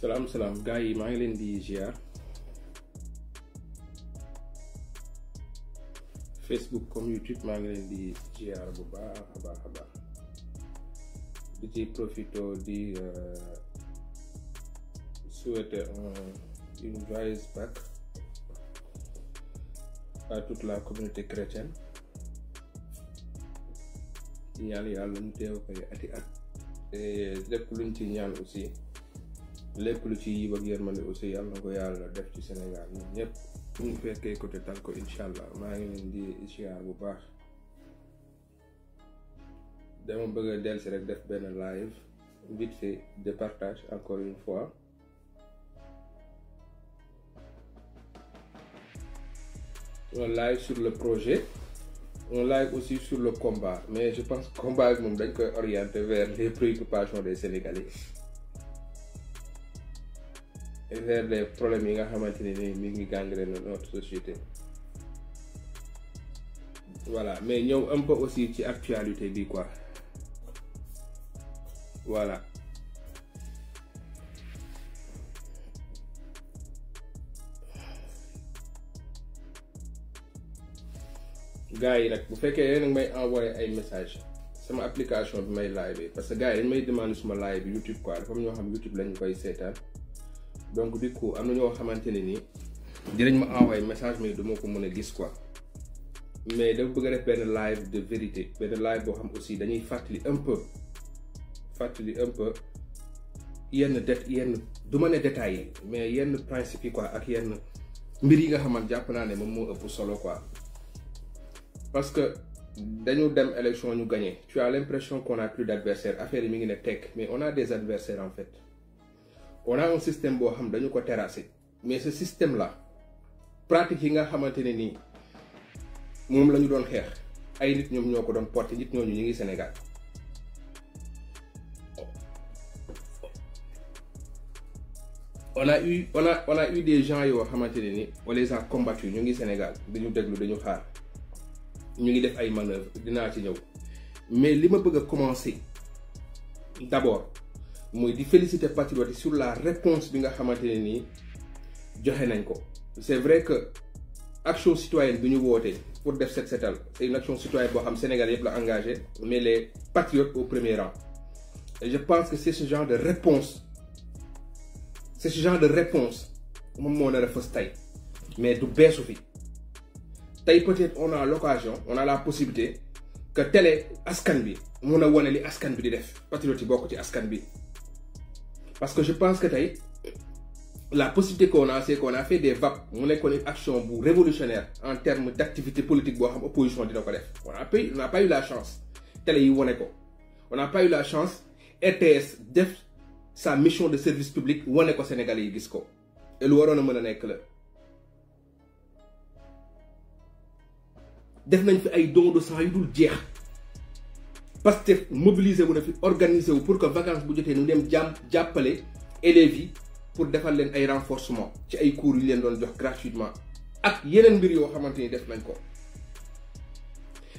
Salam salam gars yi maa ngi len di ziar Facebook comme YouTube ma ngi len di ziar bu baakha baakha ba di ci profito di souhaiter une joyeuse Pâques à toute la communauté chrétienne ñaan yalla mu teew koy ati at def luñ ci ñaan aussi Les lu ci yiw ak yërmande aussi yàlla na ko yàlla def ci Sénégal ñun ñëpp bu ñu fekkee côté tal ko incha allah maa ngi leen di ziar bu baax dama bëgg a dellu rek def live vite fait de partage encore une fois un live sur le projet un live aussi sur le combat mais je pense combat le moom dañ orienté vers les préoccupations des Sénégalais vers les problèmes yi nga xamante ni mi ngi gangrène notre société voilà mais ñëw un peu aussi ci actualité bi quoi voilà gars yi nag bu fekkee yéen nag may envoyé ay message sama application bi may live parce que gars yi dañ may demande suma live YouTube quoi dafa am ñoo xam YouTube lañ koy seetaan donc du coup am na ñoo xamante ne dinañ ma envoyé message mais duma ko mën a gis quoi mais dafa bëgg a def benn live de vérité benn live boo xam aussi dañuy fàttali un peu fàttali un peu yenn det yenn duma ma ne détails yi mais yenn principe yi quoi ak yenn mbir yi nga xamante jàpp naa ne moom moo ëpp solo quoi parce que dañu dem élection ñu gagné tu as l'impression qu'on a plus d'adversaires affaire yi mi ngi ne tekk mais on a des adversaires en fait on a un système bo xam dañu ko terrasser mais ce système là pratique yi nga xamanteni ni nii lañu doon xex ay nit ñoom ñoko doon porter nit ñoo ñu ngi Sénégal on a eu on a on a eu des gens yo xamanteni ni on les a combattus ñu ngi Sénégal dañu déglu dañu xaar ñu ngi def ay manœuvres dina ci ñew mais li ma bëgg commencer d'abord je di féliciter patriotes sur la réponse bi nga xamante ni c'est vrai que action citoyenne bi ñu votée pour def cette setal c'est une action citoyenne bo xam Sénégalais yépp la engagé mais les patriotes au premier rang et je pense que c'est ce genre de réponse c'est ce genre de réponse moom moo nar a mais du bien fi tey peut-être on a l'occasion on a la possibilité que télé askan bi mun a wane li askan bi di def patriote yi bokk ci askan bi parce que je pense que la possibilité qu'on a c'est qu'on a fait des VAP on a une action révolutionnaire en termes d'activité politique pour xam opposition dina on n'a pas eu la chance yi on n'a pas eu la chance RTS def sa mission de service public on ko Sénégalais yi ko et le waroon a mën a def nañ fi ay dons de sang yu Pastef mobiliser wu organisé pour que vacances bu jotté ñu dem jàmm jàppale élèves yi pour defal leen ay renforcement ci ay cours yi leen doon jox gratuitement ak yeneen mbir yoo xamante ni def nañ ko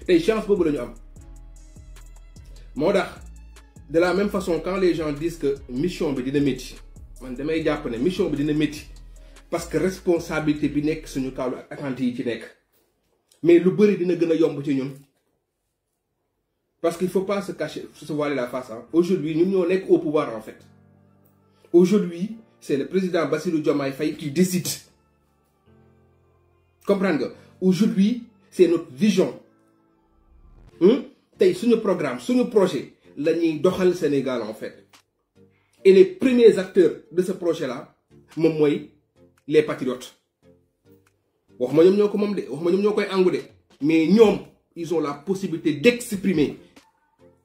tey chance boobu la ñu am moo tax de la même façon quand les gens disent que mission bi dina métti man damay jàpp ne mission bi dina métti parce que responsabilité bi nekk suñu kaalu ak attente yi ci nekk mais lu bëri dina gën a yomb ci ñun. Parce qu'il ne faut pas se cacher, se voiler la face. Hein. Aujourd'hui, nous, sommes au pouvoir, en fait. Aujourd'hui, c'est le président Bassirou Diomaye Faye qui décide. Comprendre Aujourd'hui, c'est notre vision. Hein? C'est notre programme, sur notre projet, sommes le Sénégal, en fait. Et les premiers acteurs de ce projet-là, les patriotes. Mais ils ont la possibilité d'exprimer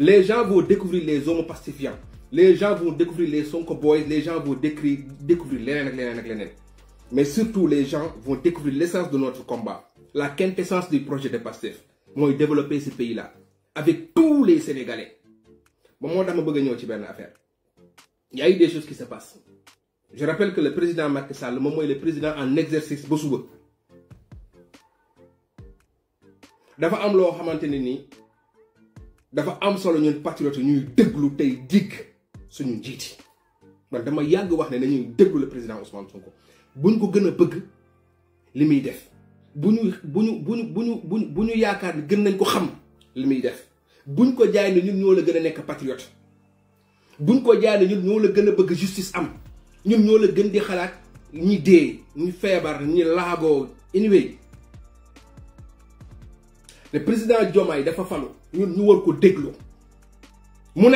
Les gens vont découvrir les hommes pacifiants. Les gens vont découvrir les sons Boys. Les gens vont découvrir les Mais surtout, les gens vont découvrir l'essence de notre combat. La quintessence du projet de PASTEF. Moi, développer ce pays-là. Avec tous les Sénégalais. Moi, Il y a eu des choses qui se passent. Je rappelle que le président Macky Sall, le moment est le président en exercice Bosouba. dafa am loo dafa am solo ñun patriote ñuy déglu tey digg suñu njiiti man dama yàgg wax ne nañuy déglu le président ko Sonko buñ ko gën a bëgg li muy def bu ñu bu ñu bu ñu bu ñu bu ñu bu ñu yaakaar ni gën nañ ko xam li muy def buñ ko jaay ne ñun ñoo la gën a nekk patriote buñ ko jaay ne ñun ñoo la gën a bëgg justice am ñun ñoo la gën di xalaat ñi dee ñi feebar ñi laagoo anyway le président yi dafa falu ñun ñu war ko déglu mu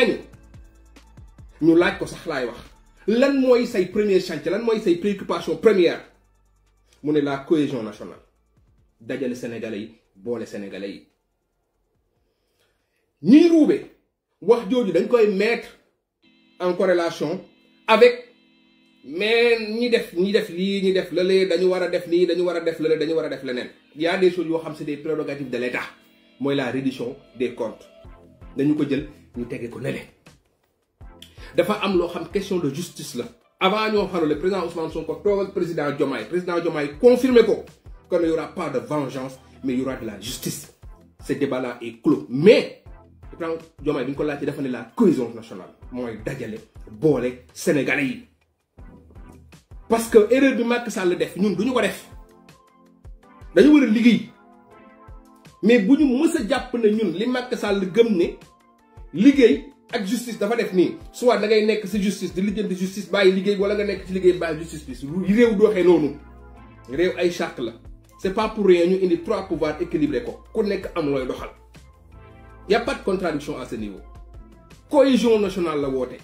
ñu laaj ko sax laay wax lan mooy say premier chantier lan mooy say première la cohésion nationale dajale sénégalais yi boole sénégalais yi ruube wax jooju dañ koy mettre en corrélation avec mais ñi def ñi def lii ñi def lële dañu war def nii dañu war def dañu y a des choses yoo xam des prérogatives de l'État moy la reddition des comptes dañu ko jël ñu tege ko nélé dafa am lo xam question de justice la avant ñoo parlé le président Ousmane Sonko le président Diomaye président Diomaye confirmé ko que ne aura pas de vengeance mais il y aura de la justice ce débat là est clos mais président Diomaye bi ko la cohésion nationale moy dajalé bolé sénégalais parce que erreur bi Macky Sall def ñun duñu ko def dañu war a mais bu ñu mës a jàpp ne ñun li Macky Sall gëm ne liggéey ak justice dafa def nii soit da ngay nekk si justice di lijjanti justice bàyyi liggéey wala nga nekk ci liggéey bàyyi justice bi réew doxee noonu réew ay charte la c' pas pour rien ñu indi trois pouvoirs équilibrés ko ku nekk am looy doxal y' a pas de contradiction à ce niveau cohésion nationale la woote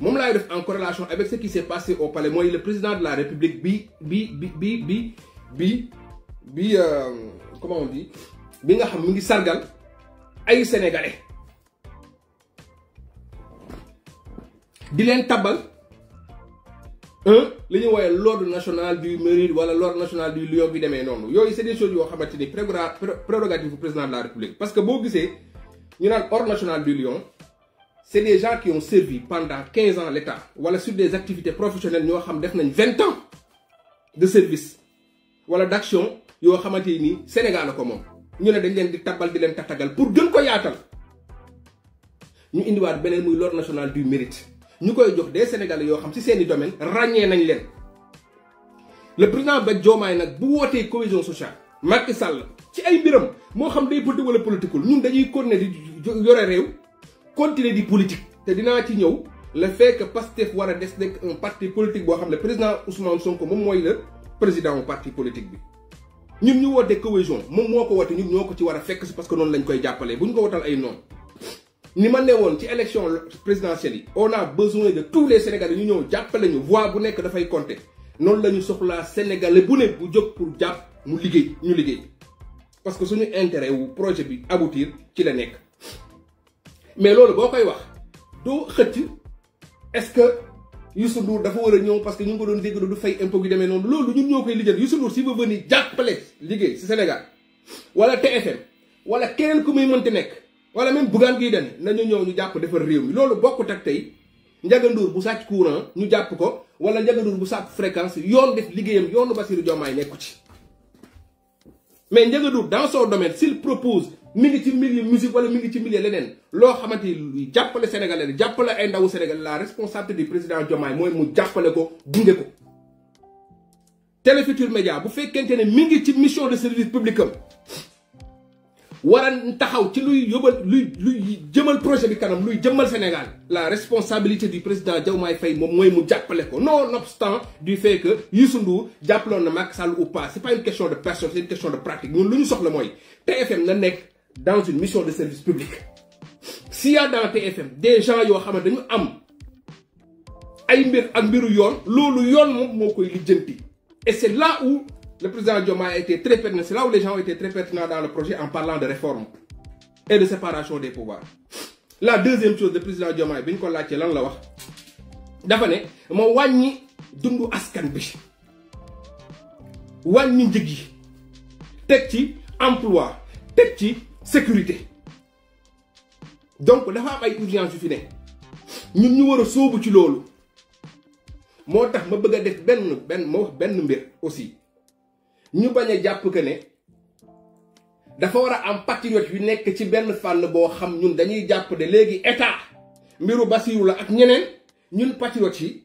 moom laay def en corrélation avec ce qui s'est passé au palais Moi, le président de la république bi bi bi bi bi bi euh, comment on dit bi nga xam mi ngi sargal ay sénégalais di leen tabal un hein, li ñu l'ordre national du mérite wala l'ordre national du lion bi demee noonu yooyu c'est des choses qui sont ni prérogative président de la république parce que boo gisee ñu naan ordre national du lion c'est des gens qui ont servi pendant 15 ans l'état wala sur des activités professionnelles ñoo xam def nañ 20 ans de service wala d'action yoo xamante ni Sénégal la ko ñu ne dañ leen pour gën ko ñu national du mérite Nous jox des sénégalais yoo xam ci des domaine nañ leen le président ba est bu cohésion sociale Macky Sall ci ay mbiram moo xam politique continuer politique le fait que Pastef war des un parti politique président Ousmane Sonko président parti politique nous ñu woté cohésion moom moo ko ñun ñoko ci fekk parce que nous lañ koy nous ne ko ay ni ma élection présidentielle on a besoin de tous les sénégalais ñu ñëw Nous ñu voix bu nekk fay compter la pour mu parce que suñu intérêt wu projet bi aboutir ci la mais lolu bokay wax do est-ce que. Youssou Ndour dafa war a ñëw parce que ñu ngi ko doon dégg du fay impôt gi demee noonu loolu ñun ñoo koy lijjanti Youssou Ndour si ba venir jàppale liggéey si Sénégal wala TFM wala keneen ku muy mënti nekk wala même Bougane Gueye Dany nañu ñëw ñu jàpp defar réew mi loolu bokkut ak tey Ndiaga bu sàcc courant ñu jàpp ko wala Ndiaga Ndour bu sàcc fréquence yoon def liggéeyam yoonu Bassirou Diomaye nekku ci mais Ndiaga Ndour dans son domaine s'il propose mi ngi musique wala mi ngi ci milieu leneen sénégalais jappale ay ndawu sénégalais la responsabilité du président Diomaye moy mu jappale ko gunge ko. Télé média, Médias bu fekkente ne mi ngi ci mission de service public waran taxaw ci luy yobal luy luy jëmal projet bi kanam luy jëmmal Sénégal la responsabilité du président Diomaye Faye mom moy mu jàppale ko nonobstant du fait que Youssou Ndour jàppaloon na Macky Sall ou pas c'est pas une question de personne c'est une question de pratique ñun lu ñu soxla moy TFM na nek dans une mission de service public s'il y a dans TFM des gens ont xam ne dañu am ay mbir ak mbiru yoon loolu yoon moom moo koy lijjanti et c'est là où le président Diomaye a été très pertinent c'est là où les gens ont été très pertinents dans le projet en parlant de réforme et de séparation des pouvoirs la deuxième chose le président Diomaye bi ñu ko laajtee lan la wax dafa ne ma wàññi dundu askan bi wàññi njëg yi ci emploi tek ci sécurité donc dafa am ay urgence yu fi ne ñun ñu war a sóobu ci loolu moo tax ma bëgg a def benn benn ma wax benn mbir aussi ñu bañ a jàpp que ne dafa war a am patriote yu nekk ci benn fànn boo xam ñun dañuy jàpp de léegi état mbiru Basiru la ak ñeneen ñun patriote yi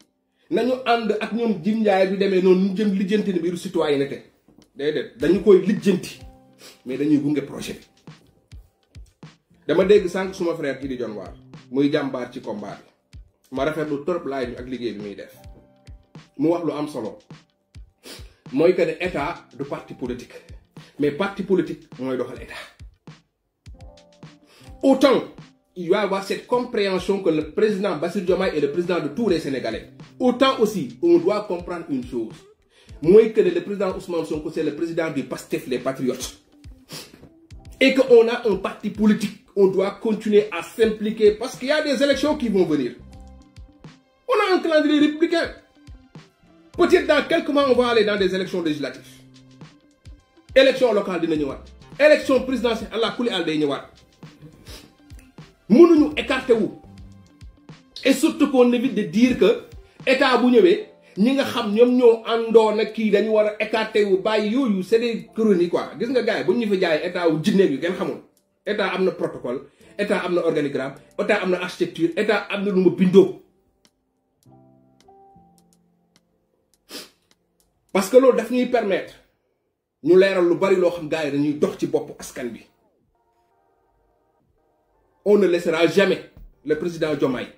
nañu ànd ak ñoom Jim Njaay bi demee noonu ñu jëm lijjanti ne mbiru day déedéet dañu koy lijjanti mais dañuy gunge projet bi dama dégg sànq suma frère kii di John Waar muy jàmbaar ci combat bi ma rafetlu trop laaj bi ak liggéey bi muy def mu wax lu am solo mooy que ne état du parti politique mais parti politique mooy doxal état autant il doit y avoir cette compréhension que le président Bassoud Diomaye est le président de tous les Sénégalais autant aussi on doit comprendre une chose que le président Ousmane Sonko c'est le président du PASTEF les patriotes et qu'on a un parti politique on doit continuer à s'impliquer parce qu'il y a des élections qui vont venir. On a un calendrier républicain. Peut-être dans quelques mois, on va aller dans des élections législatives. Élections locales de Élections présidentielles à la coulée de Nanyawar. Nous nous Et surtout qu'on évite de dire que l'État a ñi Nous xam ñoom ñoo àndoon ak kii nous écarter. c'est des chroniques quoi gis nga gars yi l'État ñu fi jaayee état wu état amna le protocole état amna organigramme état amna architecture état am parce que loolu daf ñuy permettre ñu leeral lu bari nous xam gaay dañuy dox on ne laissera jamais le président Diomaye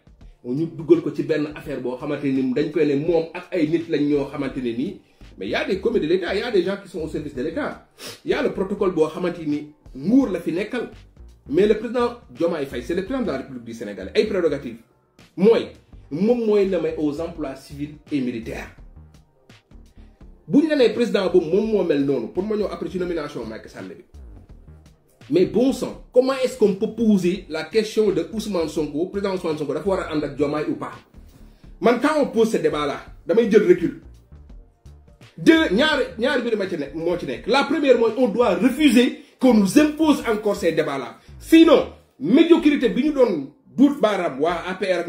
ñu duggal ko ci benn affaire boo xamante ni dañ koy ne moom ak ay nit lañ ñoo xamante ni mais y a des commis de l'État il y a des gens qui sont au service de l'État Il y a le protocole boo xamante Mour la fi nekkal mais le président Diomaye Faye c'est le président de la République du Sénégal ay prérogatives moy mom moy la aux emplois civils et militaires bu ñu la nee président boobu mom mo mel non pour ma ñëw après ci nomination Macky Sall bi mais bon sang comment est-ce qu'on peut poser la question de Ousmane Sonko président Ousmane Sonko dafa wara a ànd ak Diomaye ou pas man quand on pose ce débat là damay jël recul deux ñaar ñaar bi ma ci nek mo ci nek la première moy on doit refuser qu'on nous impose encore ces débats-là sinon médiocrité si nous donnons, duut wa APR ak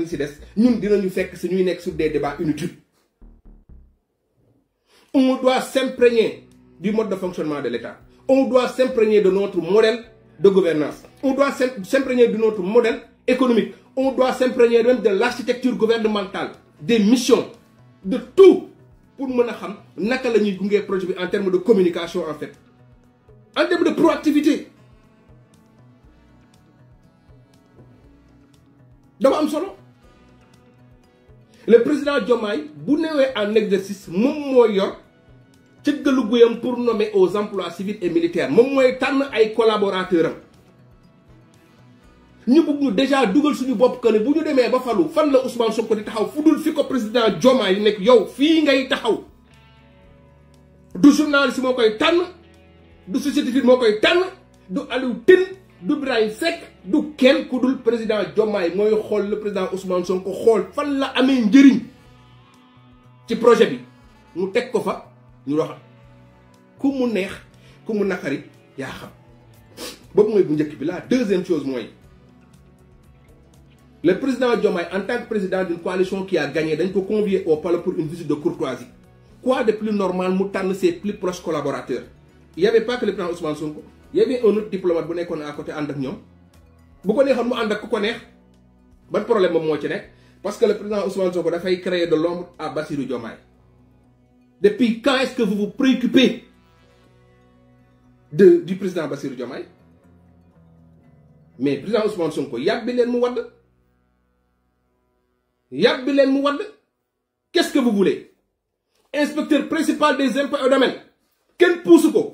nous des sur des débats inutiles on doit s'imprégner du mode de fonctionnement de l'État on doit s'imprégner de notre modèle de gouvernance on doit s'imprégner de notre modèle économique on doit s'imprégner même de l'architecture gouvernementale des missions de tout pour nous savoir xam naka projet en termes de communication en fait en termes de proactivité dama am solo le président Diomaye bu newee en exercice moom moo yor cëggalu pour nommer aux emplois civils et militaires moom mooy tànn ay collaborateurs am ñu bëgg ñu déjà dugal suñu bopp que ne bu ñu demee ba falu fan la Ousmane Sonko di taxaw fu fi ko président Diomaye nek yow fi ngay taxaw du journaliste moo koy du société civile moo koy tànn du Aliou tin du ibrahim Seck du ken ku dul président Diomaye mooy xool le président Ousmane Sonko xol fan la amé njëriñ ci projet bi mu teg ko fa ñu wax ku mu neex ku mu nakari ya xam boobu moy bu ñëk bi la deuxième chose moy le président Diomaye en tant que président d'une coalition qui a gagné dañ ko convier au palais pour une visite de courtoisie quoi de plus normal mu tan ses plus proches collaborateurs il n'y avait pas que le président Ousmane Sonko il y avait un autre diplomate qui était à côté de nous Vous bu ko neexoon mu problème parce que le président Ousmane Sonko fait créer de l'ombre à Bassirou Diomaye depuis quand est-ce que vous vous préoccupez du président Bassirou Diomaye mais le président Ousmane Sonko il y mu wadd Mouad qu'est-ce que vous voulez inspecteur principal des impôts et domaines que vous voulez?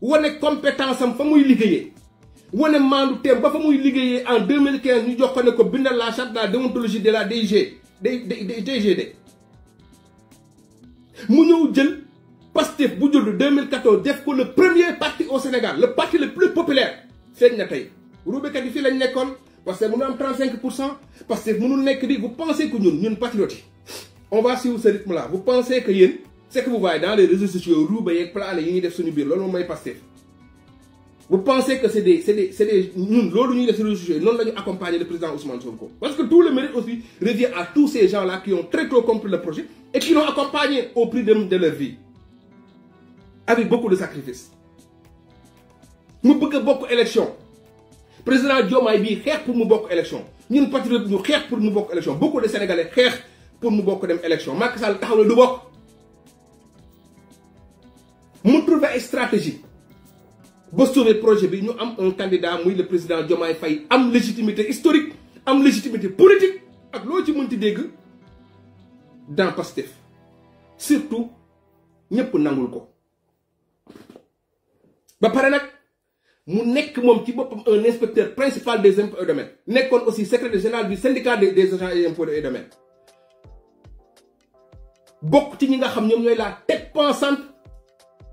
wane compétence am fa muy liggéeyee wane maandu ba fa muy liggéeyee en 2015 ñu jox ko ne ko bindal la charte de la déontologie de la DG DGD mu ñëw jël Pastef bu jël 2014 def ko le premier parti au Sénégal le parti le plus populaire feeñ na tey ruubekat yi fii lañ nekkoon parce que mënu am 35 parce que mënul nekk di vous pensez que ñun ñun patriotes on va suivre ce rythme là vous pensez que yéen ce que vous voyez dans les réseaux sociaux et def vous pensez que c'est des c'est des c'est des ñun def réseaux sociaux le président Ousmane Sonko parce que tout le mérite aussi revient à tous ces gens là qui ont très tôt compris le projet et qui l'ont accompagné au prix de leur vie avec beaucoup de sacrifices Nous bëgg beaucoup d'élections. Le président Diomaye bii xeex pour mu beaucoup d'élections. ñun patriotes, ñu xeex pour mu beaucoup d'élections beaucoup de sénégalais xeex pour mu beaucoup d'élections Macky Sall taxaw na mu trouver une stratégie Pour sauver le projet Nous avons un candidat le président Diomaye Faye une légitimité historique une légitimité politique ak ce ci est dégg dans Pastef surtout nous avons ko ba de temps. mu nekk un inspecteur principal des impôts et domaines avons aussi secrétaire général du syndicat des agents et impôts et domaines bokk ci ñi la tête pensante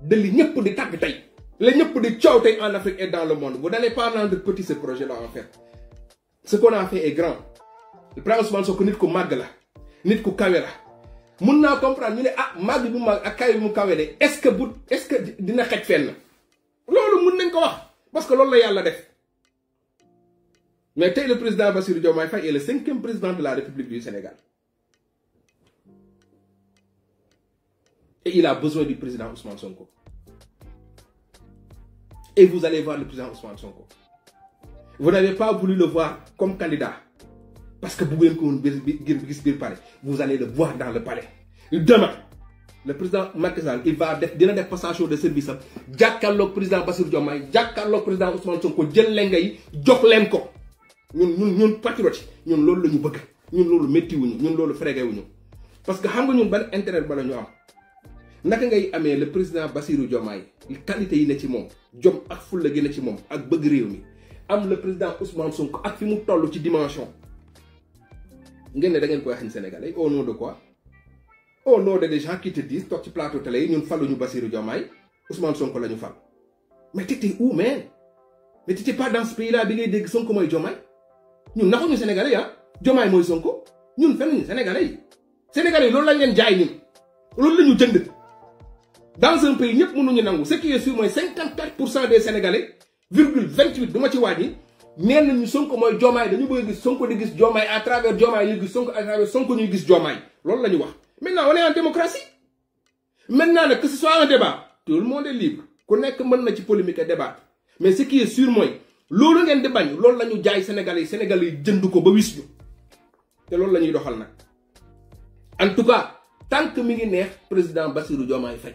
de li ñëpp di tàgg tey la ñëpp di coow tey en Afrique et dans le monde vous n'allez pas rendre petit ce projet là en fait ce qu'on a fait est grand le plan Ousmane Sonko nit ku màgg la nit ku kawe la mun naa comprendre ñu ne ah mag bi mu ak kawé mu kawé de est-ce que bu est-ce que dina xej fenn loolu mën nañ ko wax parce que loolu la yàlla def mais tey le président Bassirou Diomaye Faye est le cinquième président de la République du Sénégal Et il a besoin du président Ousmane Sonko. Et vous allez voir le président Ousmane Sonko. Vous n'avez pas voulu le voir comme candidat. Parce que vous allez le voir dans le palais. Demain, le président Macky Sall il va donner des passages de service jacques président Bassirou Diomaye jàkkaarloog président Ousmane Sonko jël lenga Nous sommes leen ko ñun ñun ñun patriote nous loolu la ñu bëgg ñun loolu métti wuñu ñun parce que xam nga ñun intérêt naka ngay le président Bassirou Diomaye qualité yi ne ci mom jom ak fulla gi ne ci mom ak bëgg réew mi am le président Ousmane Sonko ak fi mu tollu ci dimension ngeen ne da ngeen koy Sénégalais au nom de quoi au nom de des gens qui te disent toi ci plateau télé yi ñun faluñu Bassirou Diomaye Ousmane Sonko la fal mais t'étais où mais mais t'étais pas dans ce pays là bi ngay dégg Sonko moy Diomaye ñun ñu ah. Sénégalais yi Diomaye moy Sonko ñun fenn ñu Sénégalais Sénégalais loolu lañ leen jaay ñun loolu ñu dans un pays mënu ñu nangu ce qui est sûr 54% des sénégalais virgule 28 duma ci wàññi nee nañu Sonko moy jomay dañu bëgg gis Sonko di gis jomay à travers jomay ñuy gis Sonko à travers Sonko ñu gis jomay loolu la wax. maintenant on est en démocratie maintenant que ce soit un débat tout le monde est libre ku nekk mën na ci polémique débat mais ce qui est sûr mooy loolu ngeen di bañ loolu la jaay sénégalais sénégalais yi jënd ko ba wis ñu loolu la doxal nak en tout cas tant que mi ngi neex président Bassirou Diomaye Faye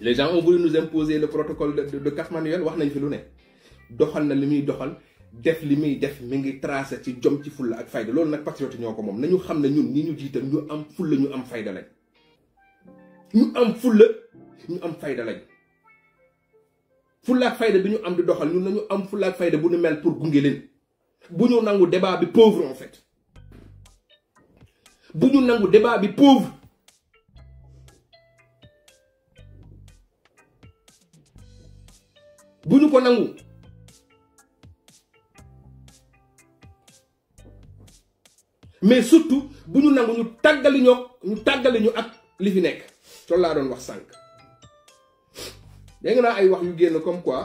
les gens ont voulu nous imposer le protocole de de Manuel wax nañ fi lu ne doxal na doxal def def mi ngi tracé ci jom ci fulla ak fayda loolu nag patriote ñoko mom nañu xam ne ñun ñi ñu jiital ñu am fulla ñu am fayda lañ ñu am fulla ñu am fayda lañ fulla ak fayda bi am di doxal ñun nañu am fulla ak fayda nous mel pour débat pauvre en fait débat pauvre bu ko nangou. mais surtout bu ñu nangu ñu tàggali ñoo ñu tàggali ñu ak li fi nekk loolu laa doon wax sank. dégg ay wax yu génn comme quoi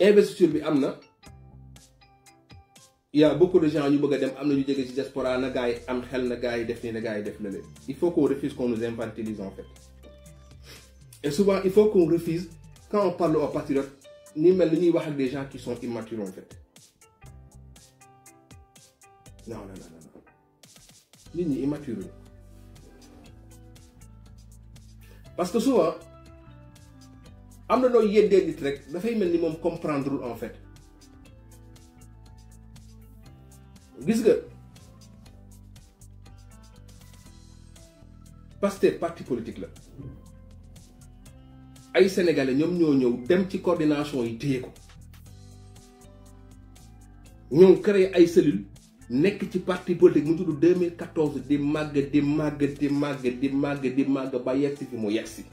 investiture bi amna, il y a beaucoup de gens ñu bëgg a dem am ñu jóge ci diaspora na gars yi am xel na gars yi def nii na gars yi def na leen il faut qu'on refuse qu'on nous infantilise en fait et souvent, il faut qu'on refuse, quand on parle aux patriotes, ni même ni des gens qui sont immatures en fait. Non, non, non, non. Ni sont immatures. Parce que souvent, am y a des traits, rek ne peut ni pas comprendre en fait que que que parti politique là ay sénégalais ñom ñoo ñew dem ci coordination yi ont ko ñoo créé ay cellule nek ci parti politique mu 2014 di màgg di màgg di màgg di màgg di màgg ba yegsi fi mu yegsi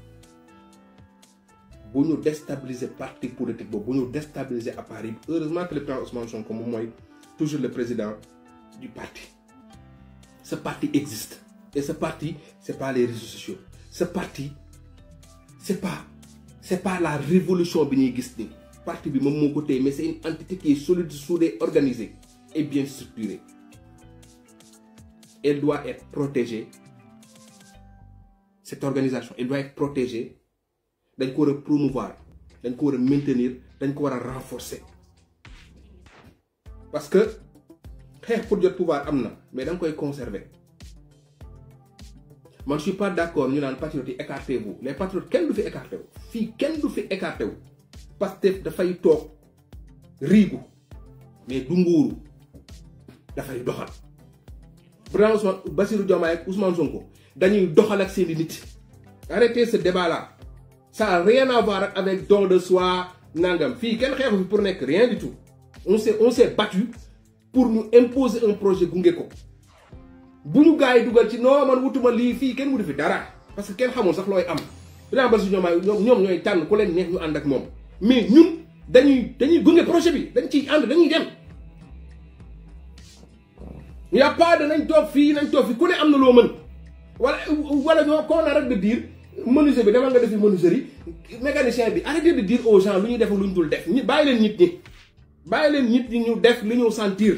bu ñu déstabiliser parti politique bo bu ñu déstabiliser appareil heureusement que le président Ousmane Sonko mo moy toujours le président du parti ce parti existe et ce parti c'est pas les réseaux sociaux ce parti c'est pas n'est pas la révolution bi nous gis ni parti bi mais c'est une entité qui est solide soudée organisée et bien structurée elle doit être protégée cette organisation elle doit être protégée Elle doit promouvoir dañ ko maintenir dañ ko renforcer parce que xeex pour le pouvoir mais da doit koy conserver man je suis pas d'accord. Nous ñu naan patriotes écartez écarté les patriotes kenn fait fi écarté vous. fii kenn du fi écarté wu Pastef dafay toog rigou. mais du nguuru dafay doxal bu daan Ousmane Bassirou Diomaye ak Ousmane Sonko dañuy doxal ak seeni nit arrêtez ce débat là ça a rien à voir avec don de soi nangam Fi, kenn xeexu pour nekk rien du tout on s'est on s'est battu pour nous imposer un projet gungeko buñu ñu ci man wutuma lii fii kenn mu parce que kenn xamul sax looy am a Bassirou de ñoom ku leen neex ñu ànd ak mais ñun dañuy dañuy gunge projet bi dañ dañuy y a pas de toog fii nañ toog ku ne am na loo mën wala wala de dire menuisier bi demal nga defi menuiserie mécanicien bi arrêté de dire aux gens lu ñuy def lu ñu dul def ñi bàyyi nit ñi nit ñu def sentir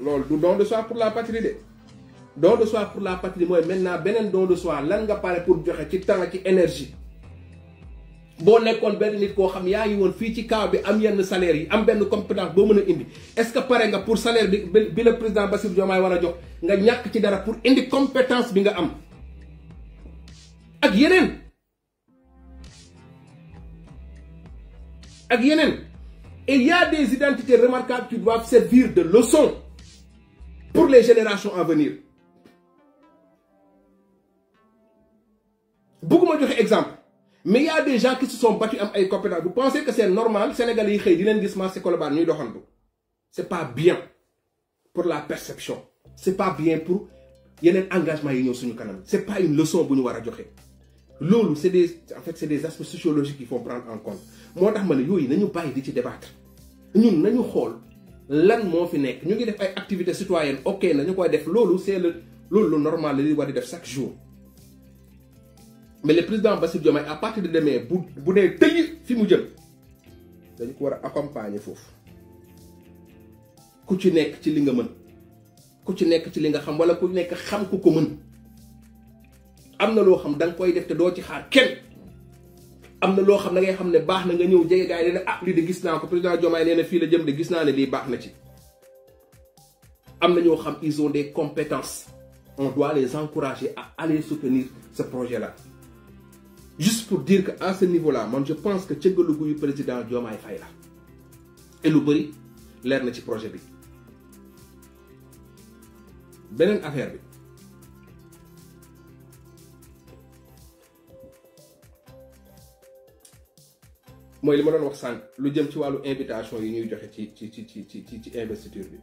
lol du don de soi pour la patrie de don de soi pour la patrie Moi, maintenant un don de soi lan nga pare pour joxe ci temps ci énergie boo nekkoon benn nit ko xam yaa ngi woon fii ci kaw bi am yenn salaire yi am ben compétence bo meuna indi est-ce que pare nga pour salaire bi bi le président bassir Diomaye war jox nga ñak ci dara pour indi compétence bi nga am ak yenen ak yenen il y a des identités remarquables qui doivent servir de leçon pour les générations à venir bëgguma joxe exemple mais il y a des gens qui se sont battus am ay vous pensez que c'est normal Sénégalais yi xëy di leen gis marché c'est pas bien pour la perception Ce n'est pas bien pour un engagement sur nous. Ce n'est c'est pas une leçon que nous avons à c'est des en fait c'est des aspects sociologiques qu'il faut prendre en compte Moi, que ma ne nous nañu pas di ci débattre ñun nous lan moo fi nekk ñu ngi def ay activités citoyennes ok na ñu koy def loolu c'est le loolu lu normal la li war di def chaque jour mais le président Bassirou Diomaye à partir de demain bu bu nee tëj fi mu jël dañu ko war a accompagner foofu ku ci nekk ci li nga mën ku ci nekk ci li nga xam wala ku nekk xam ku ko mën am na loo xam da koy def te doo ci xaar kenn. amna lo xam da ngay xam ne baax na nga ñëw jege gaay yi ne ah lii de gis naa ko président Diomaye nee na fii la jëm de gis naa ne lii baax na ci am na ñoo xam ils ont des compétences on doit les encourager à aller soutenir ce projet là juste pour dire que à ce niveau là man je pense que cëggalu yu président Diomaye fay la et lu bëri leer na ci projet bi beneen affaire bi Moi li ma doon wax sànq lu jëm ci wàllu invitation yi ñuy joxe ci ci ci ci ci ci investiture bi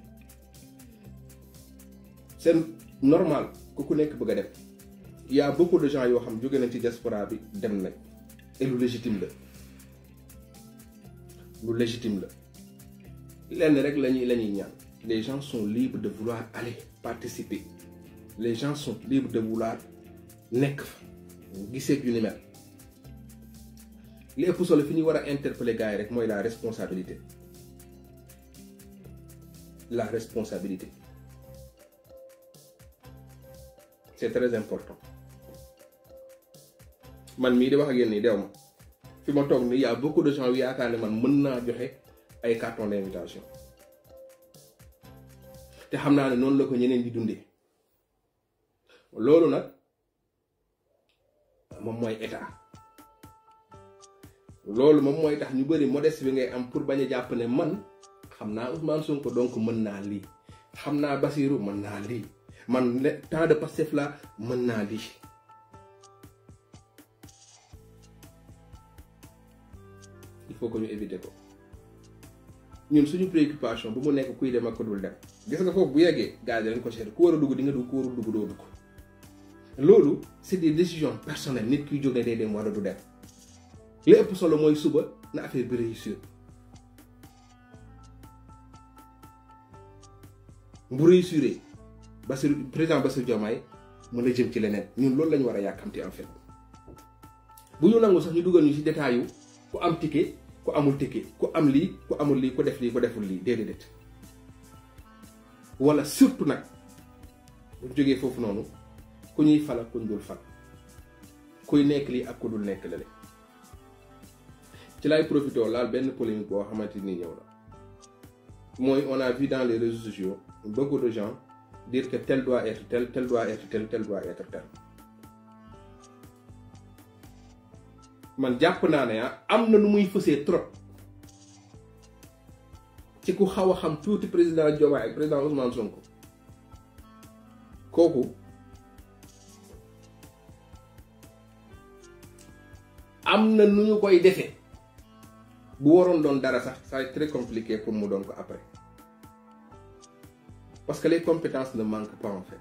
c'est normal ku ku nekk bëgg a dem y a beaucoup de gens yoo xam jóge nañ ci diaspora bi dem nañ et lu légitime la lu légitime la lenn rek lañuy la ñuy ñaan les gens sont libres de vouloir aller participer les gens sont libres de vouloir nekk fa gisee yu ni mel li ëpp solo fi ñu war a interpeller gars yi rek mooy la responsabilité la responsabilité c'est très important man mii di wax ak yéen nii ma fi ma toog nii y a beaucoup de gens yu yaakaar ne man mën naa joxe ay carton d'invitation te xam naa ne noonu la ko ñeneen di dundee loolu nag moom mooy état. lolou mom moy tax ñu bari modeste bi ngay am pour baña japp jàpp ne man xamna Ousmane Sonko donc man na li xamna Basirou man na li man le temps de passif la man na li il faut que ñu éviter ko ñun suñu préoccupation bu mu nekk kuy dem ak dul dem gis nga fofu bu yeggee gaay dañ ko xéer ku wara dugg di nga dugg ku wara dugg do dugg lolou c'est des décisions personnelles nit ki jóg dé day dem wara du dem li ëpp solo mooy suba na affaire bi réussir bu réussir Bassirou président Bassirou jomaay mën a jëm ci leneen ñun loolu lañu war a yàkkamti en fait bu ñu nangu sax ñu dugal ñu ci détail ku am ticket ku amul ticket ku am lii ku amul lii ku def lii ku deful lii déedéet wala surtout nag buñ jógee foofu noonu ku ñuy fal ak dul fal kuy nekk lii ak ku dul nekk la ci lay profité laal benn polémique boo xamante ni on a vu dans les réseaux sociaux beaucoup de gens dire que tel doit être tel tel doit être tel tel doit être tel man jàpp naa ne ah, am na nu muy fësee trop ci ku xaw a xam le président et le président Ousmane Sonko kooku am na nu ñu koy bu waroon doon dara sax ça est très compliqué pour mu doon ko après parce que les compétences ne manquent pas en fait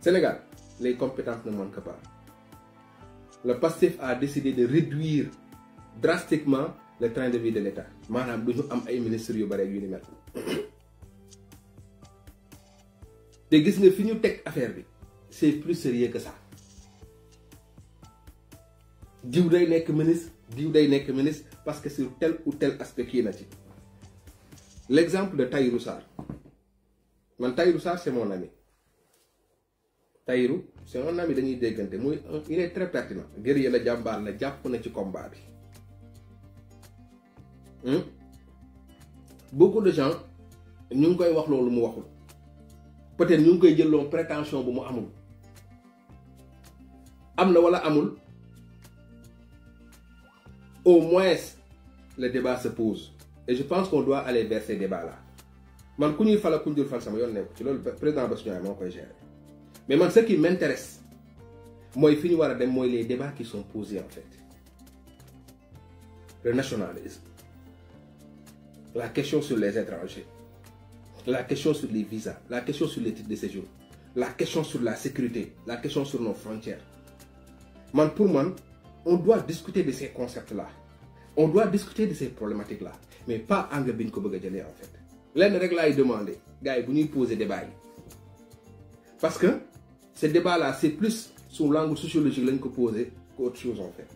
Sénégal les compétences ne manquent pas le passif a décidé de réduire drastiquement le train de vie de l'État maanaam du ñu am ay ministres yu yu ni mel te gis nga affaire c'est plus sérieux que ça diw day nekk ministre diou day nek ministre parce que sur tel ou tel aspect kii na l'exemple de Tahirou Sarr man Tahirou Sarr c'est mon ami Tahirou c'est mon ami dañuy déganté moy il est très pertinent guerrier la jambar la japp na ci combat bi hmm? beaucoup de gens ñu ngi koy wax lolu mu waxul peut-être ñu ngi koy lo prétention bu mu amul amna wala amul au moins le débat se pose et je pense qu'on doit aller vers ces débats là président mais man ce qui m'intéresse moi, les débats qui sont posés en fait le nationalisme la question sur les étrangers la question sur les visas la question sur les titres de séjour la question sur la sécurité la question sur nos frontières pour moi, on doit discuter de ces concepts là on doit discuter de ces problématiques là mais pas angle biñ ko bëgg en fait lenn rek laay demander gars yi bu ñuy poser débat débats. parce que ce débat là c'est plus sur l'angle sociologique lañ ko poser qu'autre chose en fait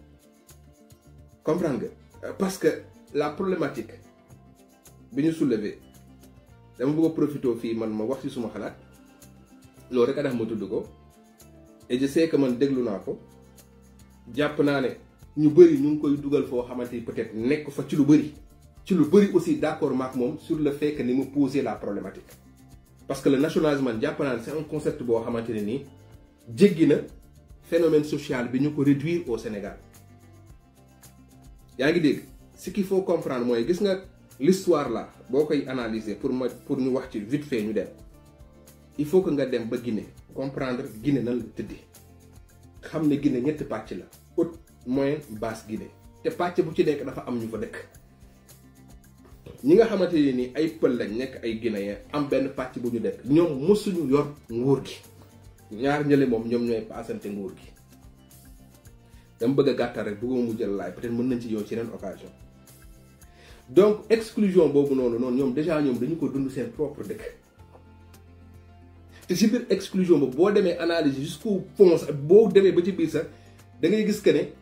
comprendre euh, parce que la problématique biñu nous soulever dama bëgg profiter profité man ma wax ci suma xalaat lo rek a tax ma tuddu ko et je sais que man déglu naa ko jàpp naa ne. Nous avons ñu peut-être aussi d'accord sur le fait que nous poser la problématique parce que le nationalisme c'est un concept boo phénomène social nous réduire au Sénégal ce qu'il faut comprendre c'est que l'histoire là analyse, pour pour vite fait il faut que nous comprendre Guinée Guinée moyenne basse Guinée té patte bu ci nekk dafa am ñu fa dëkk ñi nga xamante ni ay pël lañ nekk ay guinéen am benn patte bu ñu dëkk ñoom mosuñu yor nguur gi ñaar ñële moom ñoom ñooy paasante nguur gi dama bëgg a gàttal rek bëgguma mu jël lay peut-être mën nañ ci yow ci yeneen occasion donc exclusion bobu noonu non ñom déjà ñom dañu ko dund seen propre dëkk te ci biir exclusion boobu boo demee analyse jusqu'au fond boo demee ba ci biir sa da ngay gis que ne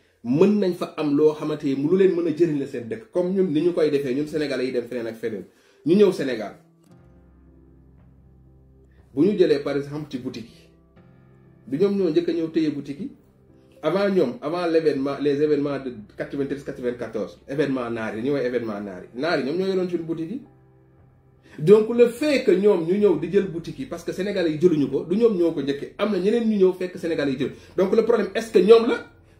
mën nañ fa am loo xamante ni lu leen mën a jëriñ la seen dëkk comme ñun ni ñu koy defee ñun sénégalais yi dem feneen ak feneen ñu ñëw Sénégal bu ñu jëlee par exemple ci boutique yi bi ñoom ñoo njëkk a ñëw téye boutique yi avant ñoom avant l' événement les événements de 93 94 événement naar yi ñu événement naar yi naar yi ñoom ñoo yoroon suñu boutique yi donc le fait que ñoom ñu ñëw di jël boutique yi parce que sénégalais yi jëluñu ko du ñoom ñoo ko njëkkee am na ñeneen ñu ñëw fekk sénégalais yi jël donc le problème est ce que ñoom la.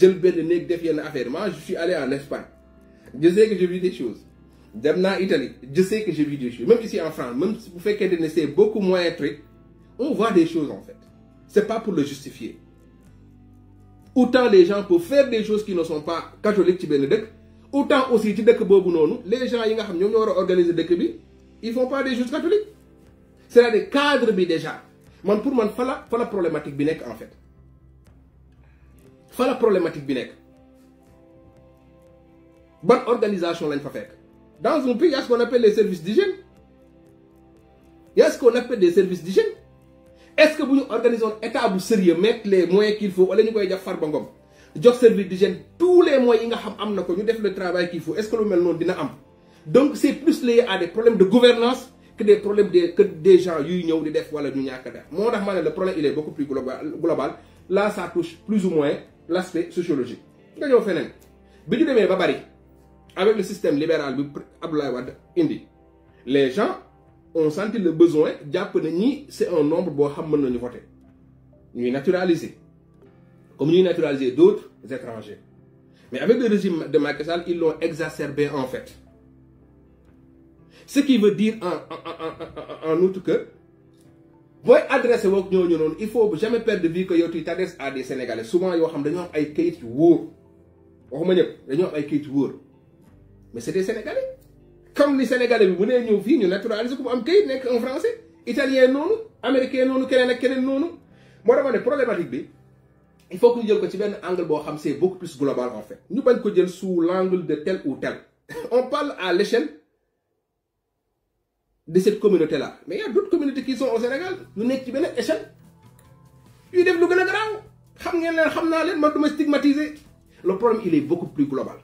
je suis allé en Espagne je sais que j'ai vu des choses même en Italie je sais que j'ai vu des choses même ici en France même si vous faites des c'est beaucoup moins truc on voit des choses en fait Ce n'est pas pour le justifier autant les gens peuvent faire des choses qui ne sont pas catholiques autant aussi les gens y ont organisé des ñoo ils font pas des choses catholiques cest là des cadres déjà pour moi, il la la problématique en fait fa la problématique bi nekk ban organisation lañ fa dans un pays y a ce qu'on appelle les services d'hygiène y a ce qu'on appelle des services d'hygiène est-ce que vous organisez organiser état bu sérieux mettre les moyens qu'il faut wala ñu koy jaf ba Ngom jox service d'hygiène tous les moyens yi nga xam am le travail qu'il faut est-ce que lu mel noonu dina am donc c'est plus lié à des problèmes de gouvernance que des problèmes de que des gens yuy ñëw di def wala ñu ñàkk le problème il est beaucoup plus global là ça touche plus ou moins l'aspect sociologique nga ñëw feneen bi ñu démé ba bari avec le système libéral bi Abdoulaye les gens ont senti le besoin jàpp na c'est un nombre de xam qui ñu voter ñuy naturaliser comme ont naturaliser d'autres étrangers mais avec le régime de Macky Sall ils l'ont exacerbé en fait ce qui veut dire en outre que booy adressé woog ñooñu noonu il faut jamais perdre de vue que vous tu t'adresses à des sénégalais souvent ils xam dañoo am ay kayit yu wóor waxuma ñëpp dañoo am ay kayit yu mais c'est des sénégalais comme les sénégalais bi bu nee ñëw fii ñu comme ko bu am kayit un français italien non, américain non, keneen ak keneen noonu moi dama ne problématique bi il faut que nous jël ko ci benn angle xam beaucoup plus global en fait ñu bañ ko jël sous l'angle de tel ou tel on parle à l'échelle de cette communauté-là. Mais il y a d'autres communautés qui sont au Sénégal. Nous sommes The échelle. Ils Le problème, il est beaucoup plus global.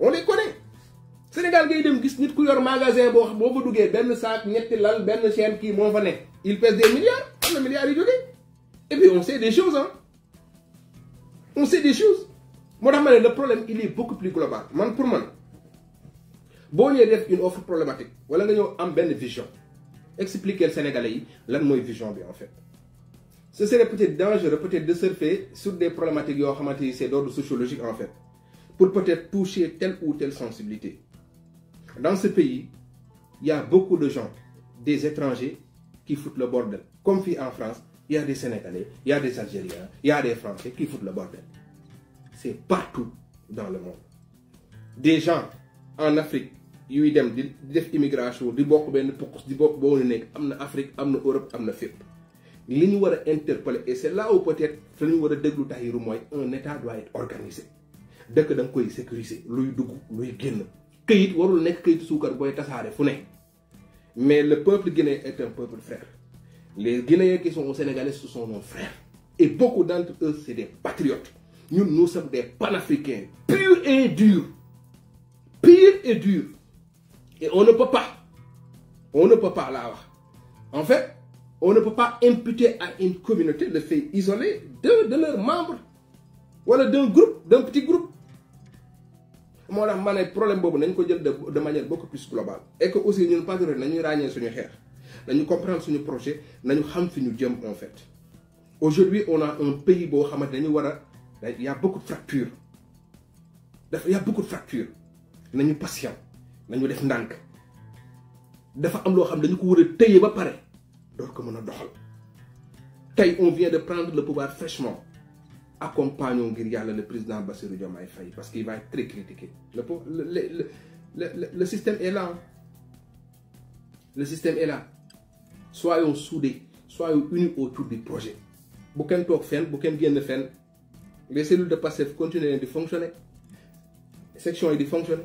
On les connaît. Au Sénégal, vous dem gis nit ku yor magasin bo qui des ben sac ils des milliards, des milliards Et puis on sait des choses hein. On sait des choses. le problème, il est beaucoup plus global. Man pour man, il y a une offre problématique wala nga am Expliquez vision Sénégalais Là, nous vision bien en fait ce serait peut-être dangereux peut-être de surfer sur des problématiques qui d'ordre sociologique en fait pour peut-être toucher telle ou telle sensibilité dans ce pays il y a beaucoup de gens des étrangers qui foutent le bordel comme fait en France il y a des Sénégalais il y a des Algériens il y a des Français qui foutent le bordel c'est partout dans le monde des gens en Afrique yuy dem di def immigration di bokk benn pokkus di bokk boo nekk am na Afrique am Europe am na fépp li interpeller et c'est là où peut-être fa ñu war a déglu un état doit être organisé dëkk da nga koy sécuriser luy dugg luy génn këyit warul nekk këyitu suukar booy tasaare fu mais le peuple guinéen est un peuple frère les Guinéens qui sont au Sénégalais ce sont nos frères et beaucoup d'entre eux c'est des patriotes ñun nous sommes des panafricains purs et durs purs et durs et on ne peut pas. On ne peut pas là. En fait, on ne peut pas imputer à une communauté le fait isolé de, de leurs membres. Ou d'un groupe, d'un petit groupe. Moi, je ma problème boobu ko jël de de manière beaucoup plus globale et que aussi ñun patriote de ràññee suñu nous, Nous comprendre suñu projet nous xam fi ñu jëm en fait aujourd'hui on a un pays où il y a beaucoup de fractures Il y a beaucoup de fractures nañu patient nañu def ndànk dafa am loo xam dañu ko war a tëye ba pare door ko mën a doxal tey on vient de prendre le pouvoir fraîchement accompagnons ngir yàlla le président Bassirou Diomaye Faye parce qu'il va être très critiqué le le le le système est là hein. le système est là soyons soudés soyons unis autour du projet bu kenn toog fenn bu kenn génn fenn les cellules de passif continuer de fonctionner section yi di fonctionner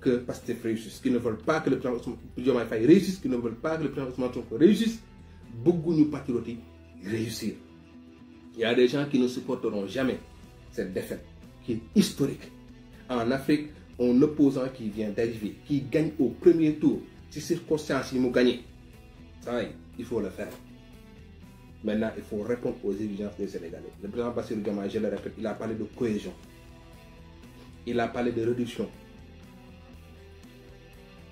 que Pastef réussisse, qu'ils ne veulent pas que le président Diomaye Faye réussisse, qu'ils ne veulent pas que le président Ousmane réussisse. Beaucoup de réussir. Il y a des gens qui ne supporteront jamais cette défaite qui est historique. En Afrique, un opposant qui vient d'arriver, qui gagne au premier tour, ces circonstances, ils m'ont gagné. Ça, il faut le faire. Maintenant, il faut répondre aux exigences des Sénégalais. Le président Bassirou Diomaye, je le répète, il a parlé de cohésion. Il a parlé de réduction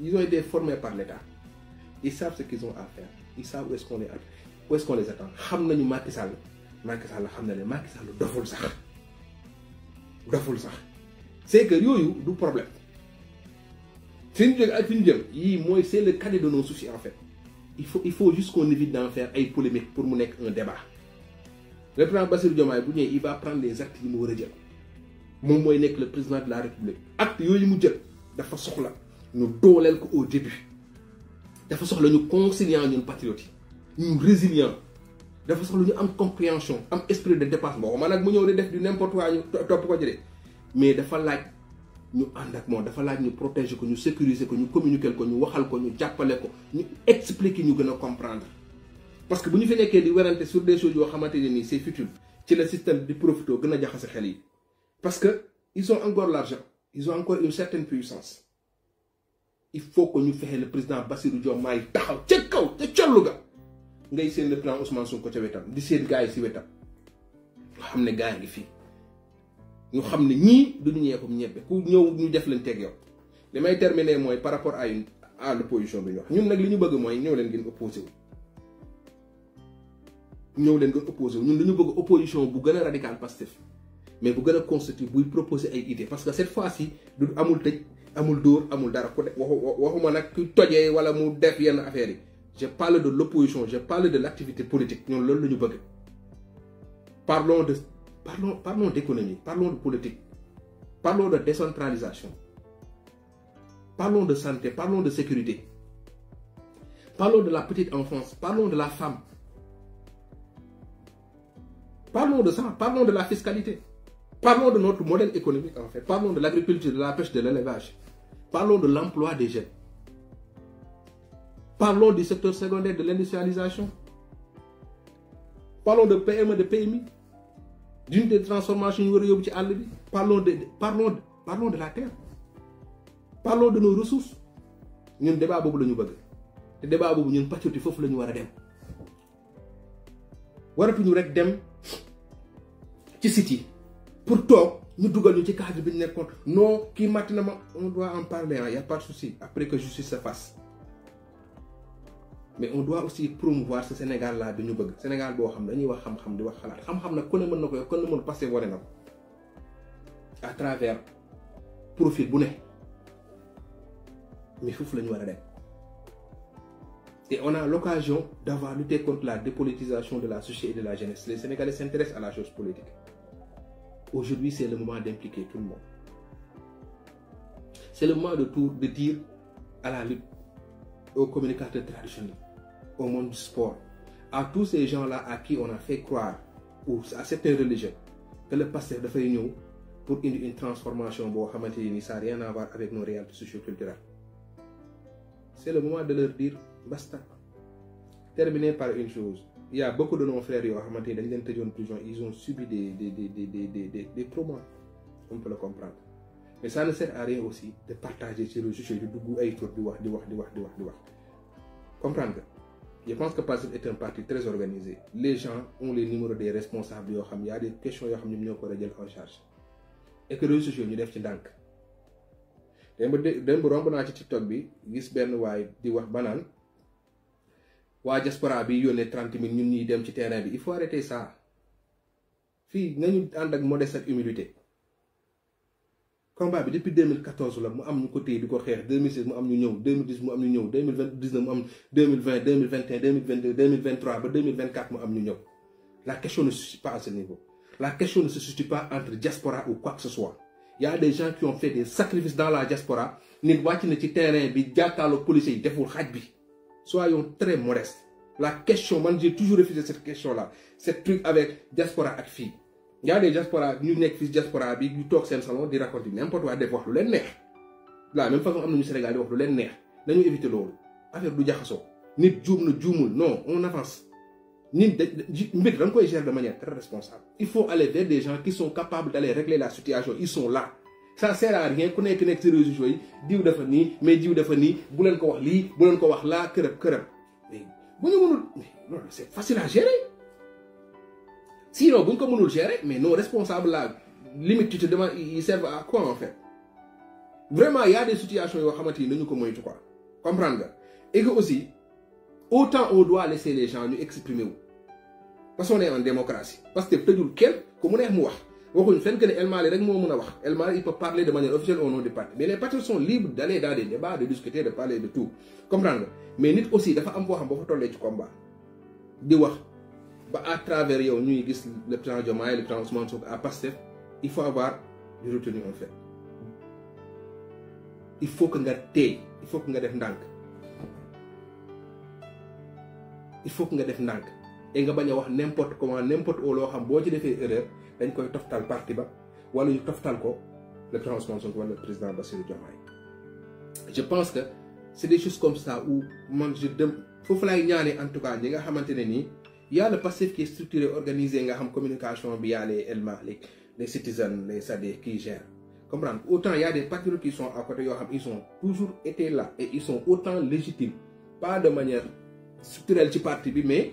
ils ont été formés par l'État. Ils savent ce qu'ils ont à faire. Ils savent où est-ce qu'on les, où est-ce qu'on les attend. Hamnani nañu Macky Hamnani Macky Sall xam doful sax doful sax c'est que yoyu du problème C'est une à c'est le cadet de nos soucis en fait il faut il faut juste qu'on évite d'en faire ay polémique pour mon nekk un débat le président Bassirou Diomaye il va prendre les actes qu'il mu war Mon jël moom le président de la République acte yooyu mu jël dafa soxla nous dooleel ko au début dafa soxla conciliant ñun patriotes ñu résilient dafa soxla ñu am compréhension am esprit de dépassement man nak mu n'importe quoi mais dafa laaj ñu protéger ko sécuriser communiquer ko expliquer comprendre parce que fi sur des choses c'est système di a parce que ont encore l'argent ils ont encore une certaine puissance il faut que ñu fexe le président Bassirou Diomaye taxaw ci kaw ca collu ga ngay seen le président Ousmane Sonko ci wétam di seen gaay ci wétam wetam ñu xam ne gars ngi fi ñu xam ne ñii duñu ñeekum ñebbe ku ñëw ñu def leen teg yow li may terminer mooy par rapport à une à l'opposition bi ñu wax ñun nag li ñu bëgg mooy ñëw leen gën opposé wu ñëw leen gën opposé wu ñun dañu bëgg opposition bu gën a radical Pastef mais bu gën a constitué buy proposer ay idées parce que cette fois ci du amul tëj de je de l'opposition je parle de l'activité politique parlons de parlons parlons d'économie parlons de politique parlons de décentralisation parlons de santé parlons de sécurité parlons de la petite enfance parlons de la femme parlons de ça parlons de la fiscalité Parlons de notre modèle économique en fait. Parlons de l'agriculture, de la pêche, de l'élevage. Parlons de l'emploi des jeunes. Parlons du secteur secondaire de l'industrialisation. Parlons de PME, de PMI, d'une des transformations Parlons de, parlons, de, parlons de la terre. Parlons de nos ressources. Nous débat pas de nous te débat de nous pàccati foofu la nous war a dem waratuñu rek dem ci site yi pour toi nous devons nous cadre on doit en parler il hein, y' a pas de souci après que justice se fasse mais on doit aussi promouvoir ce Sénégal là Sénégal doit xam dañuy wax xam-xam di à travers profil mais il faut que et on a l'occasion d'avoir lutté contre la dépolitisation de la société et de la jeunesse les Sénégalais s'intéressent à la chose politique. Aujourd'hui, c'est le moment d'impliquer tout le monde. C'est le moment de, tout, de dire à la lutte, aux communicateurs traditionnels, au monde du sport, à tous ces gens-là à qui on a fait croire, ou à certaines religions, que le pasteur de Réunion pour une, transformation, ça n'a rien à voir avec nos réalités socioculturelles. C'est le moment de leur dire basta. Terminer par une chose il y a beaucoup de nos frères qui ont été en prison ils ont subi des des des des des des des traumas on peut le comprendre mais ça ne sert à rien aussi de partager ces réseaux sociaux di dougou ay tur di wax di wax di wax di wax comprendre je pense que Parti est un parti très organisé les gens ont les numéros des responsables Il y a des questions qui xam ñoom ñoo ko en charge et que réseaux sociaux ñu def ci ndànk démb démb romb naa ci TikTok bi gis benn waay di wax banane wa diaspora bi yone 30 ñun ñi dem ci terrain il faut arrêter ça fi nañu and modeste ak humilité combat depuis 2014 la mu am ñu ko je 2016 mu am ñu ñëw 2010 mu am ñu 2019 mu am 2020 2021 2022 2023 ba 2024 mu am ñu la question ne se situe pas à ce niveau la question ne se situe pas entre diaspora ou quoi que ce soit Il y a des gens qui ont fait des sacrifices dans la diaspora nit wàcc na ci terrain bi jàkkaarloo policier deful soyons très modestes. La question, moi j'ai toujours refusé cette question-là. Cette truc avec diaspora et fille. Il y a des diaspora, nous nek fils diaspora bi, nous talk sen salon, des raconter n'importe quoi, des voir le nerf. La même façon, nous Sénégalais wax le nerf. Dañu éviter lolu. Affaire du jaxasso. Nit djoum na djoumul. Non, on avance. Nit mbir dang koy gérer de manière très responsable. Il faut aller vers des gens qui sont capables d'aller régler la situation. Ils sont là ça sert à rien ku nekk nekk ci réseaux sociaux yi diw dafa ni mais diw dafa ni bu len ko wax li bu len ko wax la kërëb kërëb bu ñu mënul Mais c'est facile à gérer sinon bu ñu ko gérer mais nos responsables la limite tu te ils servent à quoi en fait vraiment il y a des situations yo xamante ni nañu ko moytu quoi comprendre et que aussi autant on doit laisser les gens nous exprimer parce qu'on est en démocratie parce que tëjul kenn ku mu neex mu wax waxuñ fenn que ne El Malick rek moo mën a wax El il peut parler de manière officielle au nom des partis. mais les partis sont libres d'aller dans des débats de discuter de parler de tout comprendre nga mais nit aussi dafa am boo xam boo fa tollee ci combat di wax ba à travers yow ñuy gis le président Diomaye le président Ousmane Sonko à Pastef il faut avoir du retenu en fait il faut que nga teey il faut que nga def ndànk il faut que nga def ndànk et nga bañ a wax n'importe comment n'importe où loo xam boo ci defee erreur dañ koy toftal parti ba wala ñu toftal ko le président Sonko wala le président Bassirou Diomaye je pense que c'est des choses comme ça où man je dem foofu laay ñaanee en tout cas ñi nga xamante ne nii y a le passif qui est structuré organisé nga xam communication bi y a les El Malick les citizens les SADE qui gèrent comprendre autant y a des patriotes qui sont à côté yoo xam ils ont toujours été là et ils sont autant légitimes pas de manière structurelle ci parti bi mais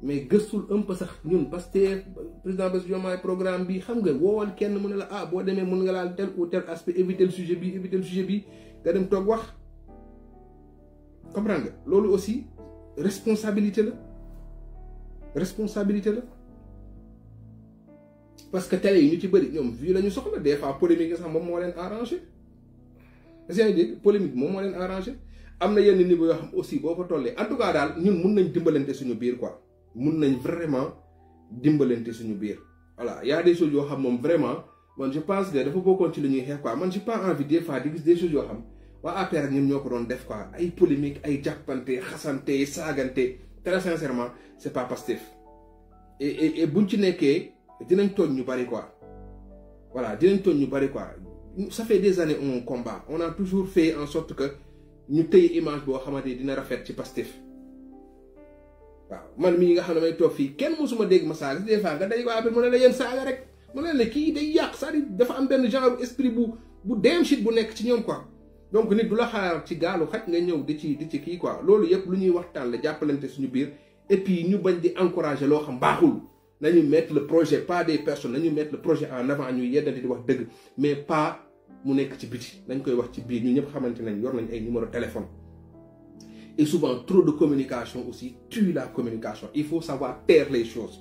mais gëstul un peu sax ñun Pastef président Bassirou Diomaye programme bi xam nga woowal kenn mu ne la ah boo demee mun nga laal tel ou tel aspect éviter le sujet bi éviter le sujet bi nga dem toog wax comprendre nga loolu aussi responsabilité la responsabilité la parce que télé yi ñu ci bëri ñoom vue lañu soxla des fois polémique sax moom moo leen arrangé est-ce que dégg polémique moom moo leen arrangé am na yenn niveau yoo xam aussi boo fa tollee en tout cas daal ñun mun nañ dimbalante suñu biir quoi mun nañ vraiment dimbalenté suñu biir voilà y a des choses yo xam moom vraiment man je pense que dafa bokkoon ci lu ñuy quoi man j'ai pas envie des fois di gis des choses yo xam wa APR ñoom ñoko ko doon def quoi ay polémique ay jappanté xasante saganté très sincèrement c'est pas pastif et et buñ ci nekkee dinañ tooñ ñu bari quoi voilà dinañ tooñ ñu bari quoi ça fait des années on combat on a toujours fait en sorte que ñu tëye image bo xamanté dina rafet ci pastif waaw man mi nga may musuma des fois day day dafa am genre bu bu dem shit bu donc nit du xaar ci nous xaj nga di ci di ci quoi lu ñuy waxtaan la suñu et puis ñu bañ encourager mettre le projet pas des personnes nañu mettre le projet en avant ñu di wax mais pas mu nek ci biti nañ koy wax ci biir ñu ñep nañ téléphone et souvent, trop de communication aussi tue la communication. Il faut savoir taire les choses.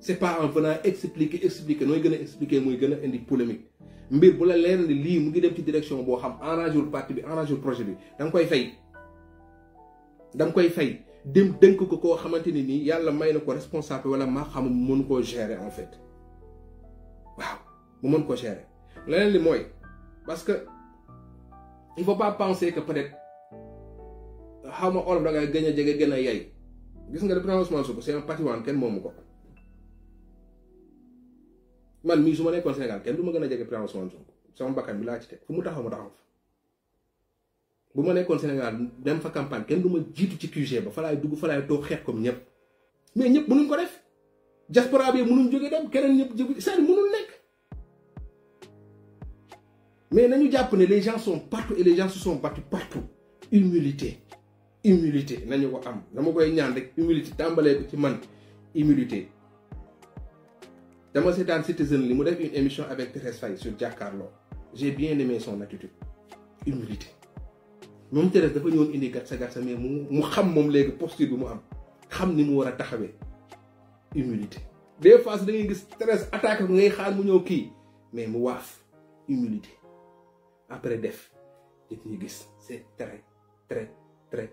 C'est pas en venant expliquer, expliquer, nous allons expliquer, nous allons indi polémique. Mais si vous avez li mu ngi dem ci direction bo xam enranger le parti bi enranger le projet bi dang koy fay dang koy fay dem denk ko ko xamanteni ni yalla may na ko responsable wala ma xam mën ko gérer en fait waaw mu mën ko gérer leneen li mooy parce que il faut pas penser que peut-être xaw ma olof da ngay gën a jege gën a yey gis nga le président Ousmane Sonko c'est un patiwaan kenn moomu ko man mii su ma nekkoon Sénégal kenn du ma gën a jege président Ousmane Sonko sama bakkan bi laa ci teg fu mu taxaw ma taxaw fa bu ma nekkoon Sénégal dem fa campagne kenn du ma jiitu ci QG ba fa laay dugg fa laay toog xeex comme ñëpp mais ñëpp mënuñ ko def diaspora bi mënuñ jóge dem keneen ñëpp jóge c'est mënul nekk mais nañu jàpp ne les gens sont partout et les gens se sont battus partout humilité humilité nañu ko am dama koy ñaan rek humilité tàmbalee bi ci man humilité dama seetaan Citizen li mu def une émission avec Thérèse Faye sur Jakaarlo j'ai bien aimé son attitude humilité moom Thérèse dafa ñëwoon indi gat sa gat mais mu mu xam moom léegi posture bi mu am xam ni mu war a taxawee humilité des fois da ngay gis Thérèse attaque ko ngay xaar mu ñëw kii mais mu waaf humilité après def nit ñu gis c'est très très très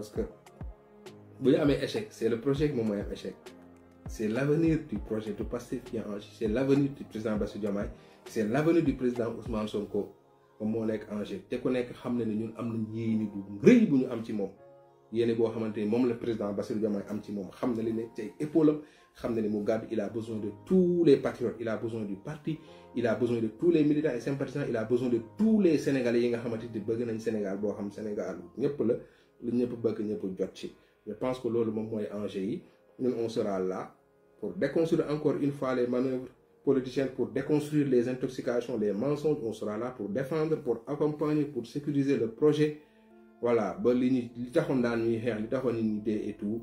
parce que bu ñu échec c'est le projet moom mooy échec C'est l'avenir du projet du passé qui l'avenir en du président Bassirou Diomaye c'est l'avenir du président Ousmane Sonko mon moo nekk en jeu te ku nekk xam na ne ñun am nañ yéene bu rëy bu ñu am ci président Bassirou Diomaye am ci moom xam na li ne tey épaule am xam na il a besoin de tous les patriotes il a besoin du parti il a besoin de tous les militants et sympathisants il a besoin de tous les sénégalais yi nga tous les Sénégalais nañ Sénégal boo xam Sénégal ñëpp la je pense que le moment moment enjeu on sera là pour déconstruire encore une fois les manœuvres politiciennes pour déconstruire les intoxications les mensonges on sera là pour défendre pour accompagner pour sécuriser le projet voilà et tout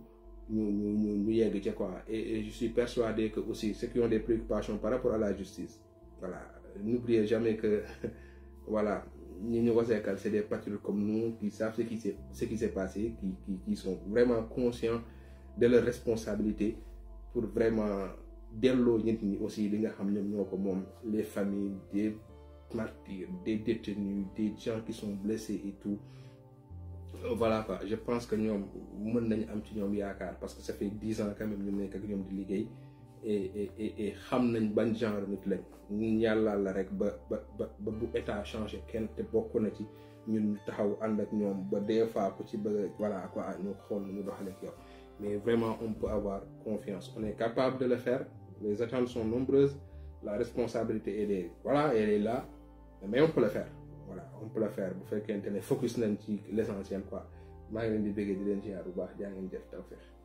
et je suis persuadé que aussi ceux qui ont des préoccupations par rapport à la justice voilà n'oubliez jamais que voilà les c'est des patriotes comme nous qui savent ce qui s'est passé, qui, qui, qui, sont vraiment conscients de leurs responsabilités pour vraiment dello aussi les familles des martyrs, des détenus, des gens qui sont blessés et tout. Euh, voilà quoi, je pense que nous avons un petit peu parce que ça fait 10 ans quand même que nous avons de et et et, nañ ban genre nit lañ ñun yàllaa la rek ba ba ba bu état changer kenn te bokk na ci ñun ñu taxaw and ak ñom ba des fois ku ci bëgg voilà quoi ñu xol ñu doxalee ak yow mais vraiment on peut avoir confiance on est capable de le faire les attentes sont nombreuses la responsabilité elle est voilà elle est là mais on peut le faire voilà on peut le faire bu fekkente ne focus nañ ci l'essentiel quoi ma ngi leen di bëggee di leen ziar bu baax jaa ngeen jëf